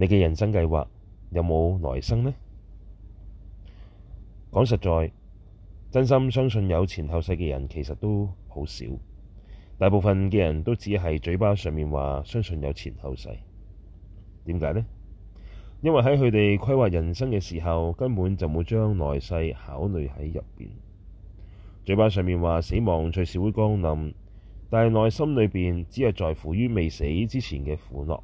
你嘅人生計劃有冇來生呢？講實在，真心相信有前後世嘅人其實都好少，大部分嘅人都只係嘴巴上面話相信有前後世。點解呢？因為喺佢哋規劃人生嘅時候，根本就冇將來世考慮喺入邊。嘴巴上面話死亡隨時會降臨，但係內心裏邊只係在乎於未死之前嘅苦樂。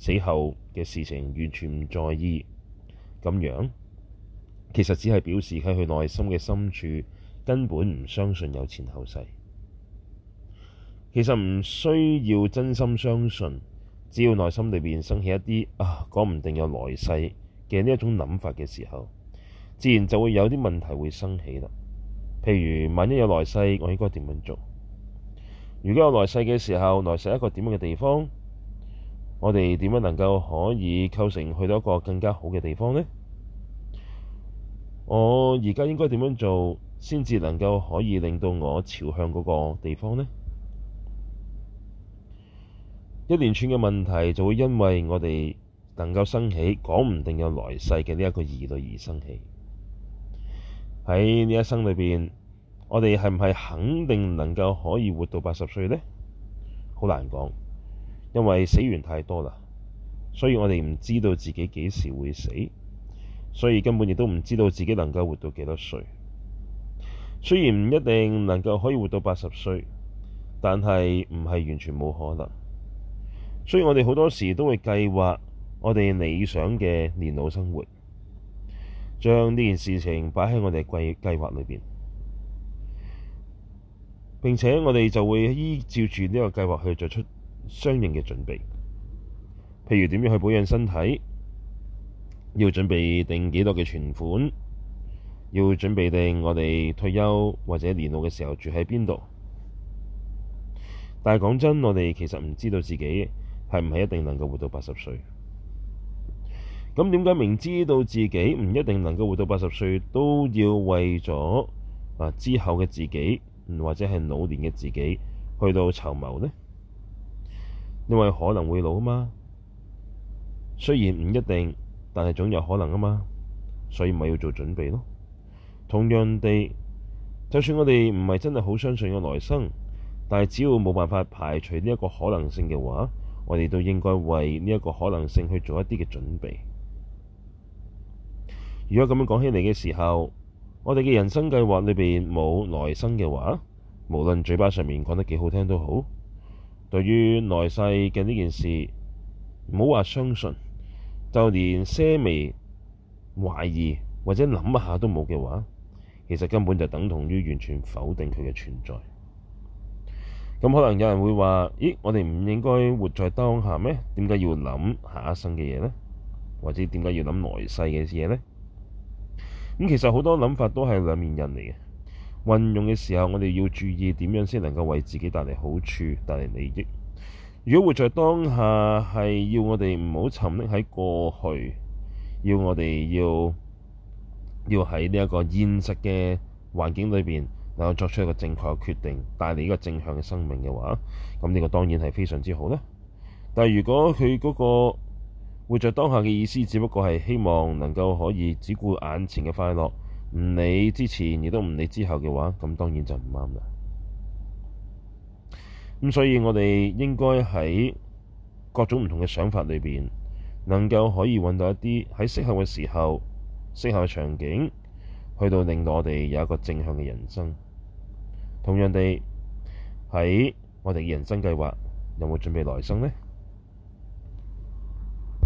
死後嘅事情完全唔在意，咁樣，其實只係表示喺佢內心嘅深處根本唔相信有前後世。其實唔需要真心相信，只要內心裏面生起一啲啊，講唔定有來世嘅呢一種諗法嘅時候，自然就會有啲問題會生起啦。譬如萬一有來世，我應該點樣做？如果有來世嘅時候，來世係一個點樣嘅地方？我哋點樣能夠可以構成去到一個更加好嘅地方呢？我而家應該點樣做先至能夠可以令到我朝向嗰個地方呢？一連串嘅問題就會因為我哋能夠生起講唔定有來世嘅呢一個疑慮而生起。喺呢一生裏邊，我哋係唔係肯定能夠可以活到八十歲呢？好難講。因為死源太多啦，所以我哋唔知道自己幾時會死，所以根本亦都唔知道自己能夠活到幾多歲。雖然唔一定能夠可以活到八十歲，但係唔係完全冇可能。所以我哋好多時都會計劃我哋理想嘅年老生活，將呢件事情擺喺我哋嘅計劃裏邊，並且我哋就會依照住呢個計劃去做出。相應嘅準備，譬如點樣去保養身體，要準備定幾多嘅存款，要準備定我哋退休或者年老嘅時候住喺邊度。但係講真，我哋其實唔知道自己係唔係一定能夠活到八十歲。咁點解明知道自己唔一定能夠活到八十歲，都要為咗啊之後嘅自己或者係老年嘅自己去到籌謀呢？因為可能會老嘛，雖然唔一定，但係總有可能啊嘛，所以咪要做準備咯。同樣地，就算我哋唔係真係好相信有來生，但係只要冇辦法排除呢一個可能性嘅話，我哋都應該為呢一個可能性去做一啲嘅準備。如果咁樣講起嚟嘅時候，我哋嘅人生計劃裏邊冇來生嘅話，無論嘴巴上面講得幾好聽都好。對於來世嘅呢件事，唔好話相信，就連些微懷疑或者諗下都冇嘅話，其實根本就等同於完全否定佢嘅存在。咁、嗯、可能有人會話：咦，我哋唔應該活在當下咩？點解要諗下一生嘅嘢咧？或者點解要諗來世嘅嘢咧？咁、嗯、其實好多諗法都係兩面人嚟嘅。運用嘅時候，我哋要注意點樣先能夠為自己帶嚟好處、帶嚟利益。如果活在當下，係要我哋唔好沉溺喺過去，要我哋要要喺呢一個現實嘅環境裏邊，能夠作出一個正確嘅決定，帶嚟一個正向嘅生命嘅話，咁呢個當然係非常之好啦。但係如果佢嗰個活在當下嘅意思，只不過係希望能夠可以只顧眼前嘅快樂。唔理之前亦都唔理之後嘅話，咁當然就唔啱啦。咁所以我哋應該喺各種唔同嘅想法裏邊，能夠可以揾到一啲喺適合嘅時候、適合嘅場景，去到令到我哋有一個正向嘅人生。同樣地，喺我哋嘅人生計劃，有冇準備來生呢？